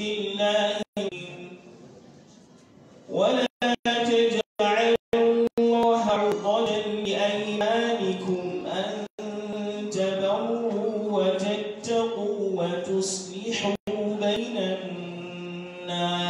الله ولا تجعلوا الله عرضا لأيمانكم أن تبروا وتتقوا وتصلحوا بين الناس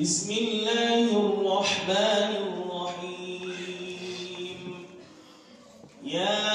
بسم الله الرحمن الرحيم يا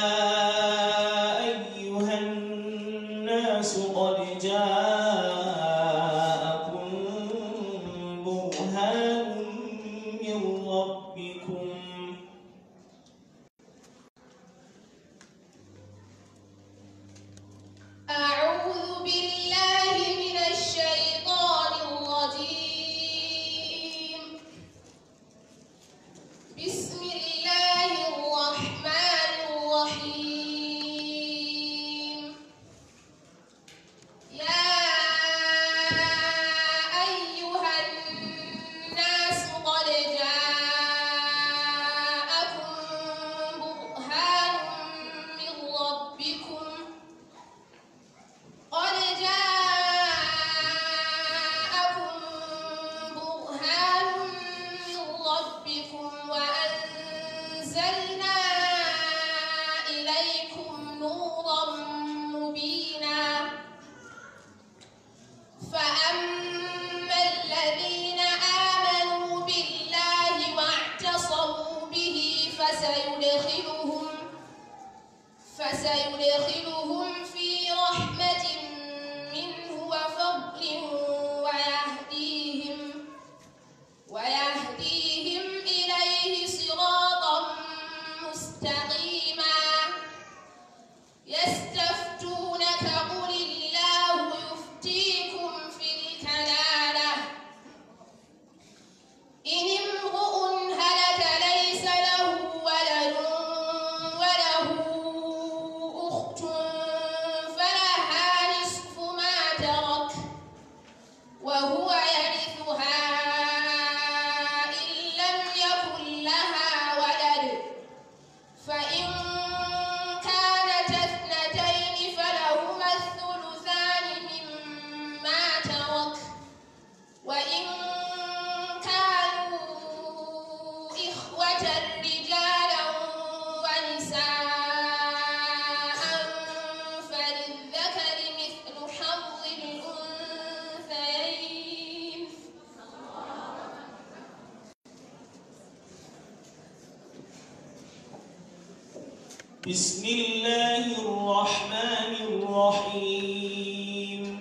بسم الله الرحمن الرحيم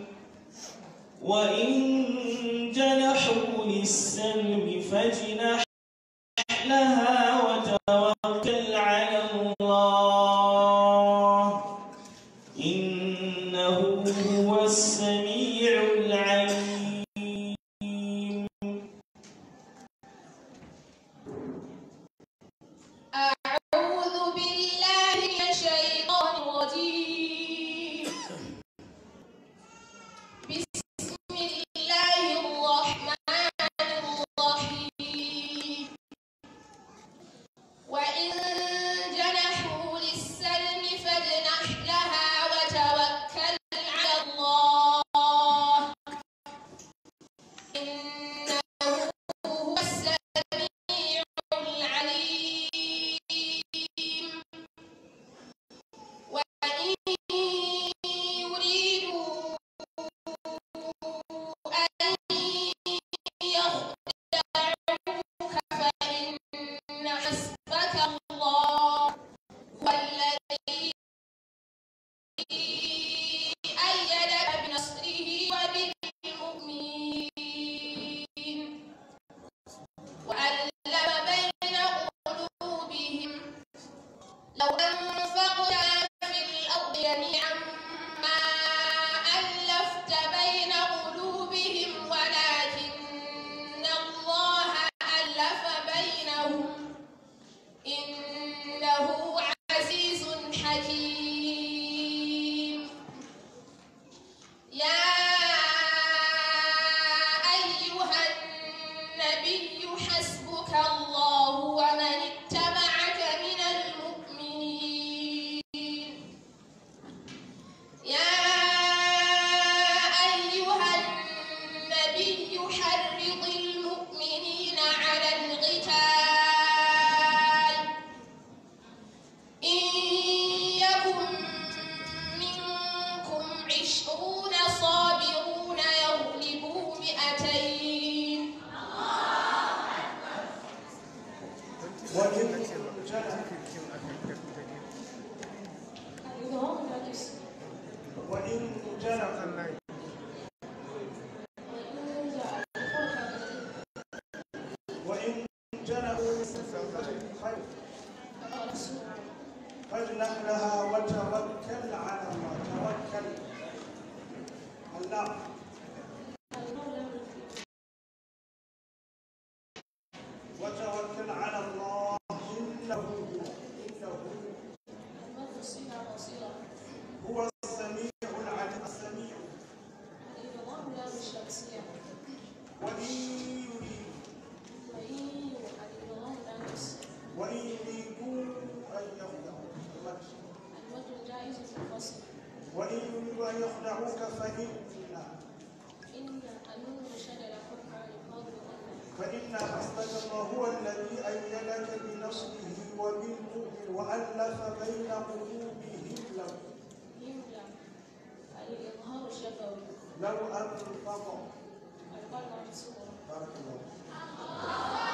وإن جنحوا للسلم فاجنح لها وتوكل على الله وإن جنح الليل وإن جنحوا فاجنح لها وتوكل على الله توكل الله أثبت فهو الذي أيدك بنصره وبالمؤمن وألف بين قلوبهم الإظهار شفوي لو أن القطع بارك الله